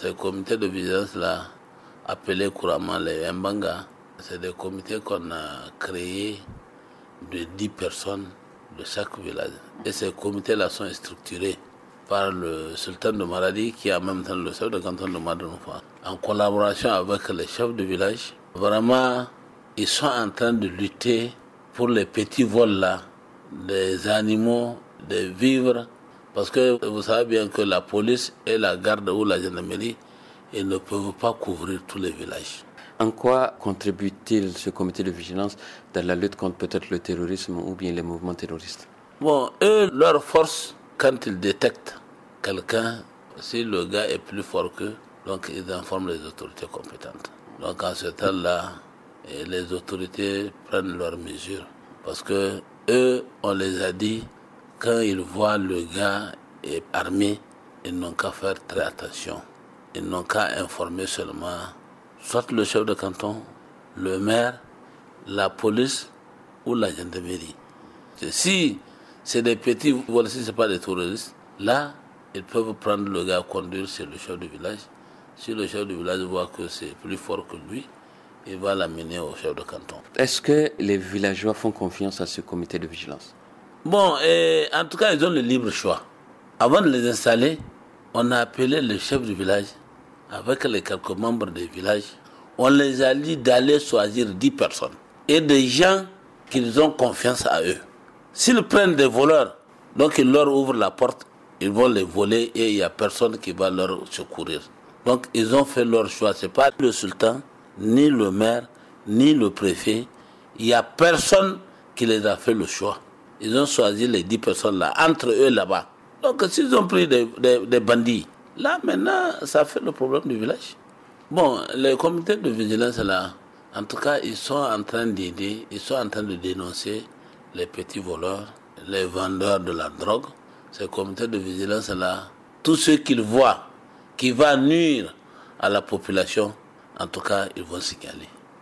ces comités de vigilance-là, appelés couramment les Mbanga, c'est des comités qu'on a créés de 10 personnes de chaque village. Et ces comités-là sont structurés par le sultan de maladie qui est en même temps le chef de canton de Madonoufa, en collaboration avec les chefs de village. Vraiment, ils sont en train de lutter pour les petits vols-là, des animaux, des vivres parce que vous savez bien que la police et la garde ou la gendarmerie, ils ne peuvent pas couvrir tous les villages. En quoi contribue-t-il ce comité de vigilance dans la lutte contre peut-être le terrorisme ou bien les mouvements terroristes Bon, eux, leur force, quand ils détectent quelqu'un, si le gars est plus fort qu'eux, donc ils informent les autorités compétentes. Donc en ce temps-là, les autorités prennent leurs mesures parce que eux, on les a dit quand ils voient le gars est armé, ils n'ont qu'à faire très attention. Ils n'ont qu'à informer seulement soit le chef de canton, le maire, la police ou la gendarmerie. Si c'est des petits, voilà, si ce pas des touristes, là, ils peuvent prendre le gars conduire, sur le chef du village. Si le chef du village voit que c'est plus fort que lui, il va l'amener au chef de canton. Est-ce que les villageois font confiance à ce comité de vigilance Bon, et euh, en tout cas, ils ont le libre choix. Avant de les installer, on a appelé le chef du village avec les quelques membres du village. On les a dit d'aller choisir 10 personnes et des gens qu'ils ont confiance à eux. S'ils prennent des voleurs, donc ils leur ouvrent la porte, ils vont les voler et il n'y a personne qui va leur secourir. Donc ils ont fait leur choix. Ce n'est pas le sultan, ni le maire, ni le préfet. Il n'y a personne qui les a fait le choix ils ont choisi les 10 personnes là, entre eux là-bas. Donc s'ils ont pris des, bandits, là maintenant, ça fait le problème du village. Bon, les comités de vigilance là, en tout cas, ils sont en train d'aider, ils sont en train de dénoncer les petits voleurs, les vendeurs de la drogue. Ces comités de vigilance là, tout ce qu'ils voient qui va nuire à la population, en tout cas, ils vont signaler.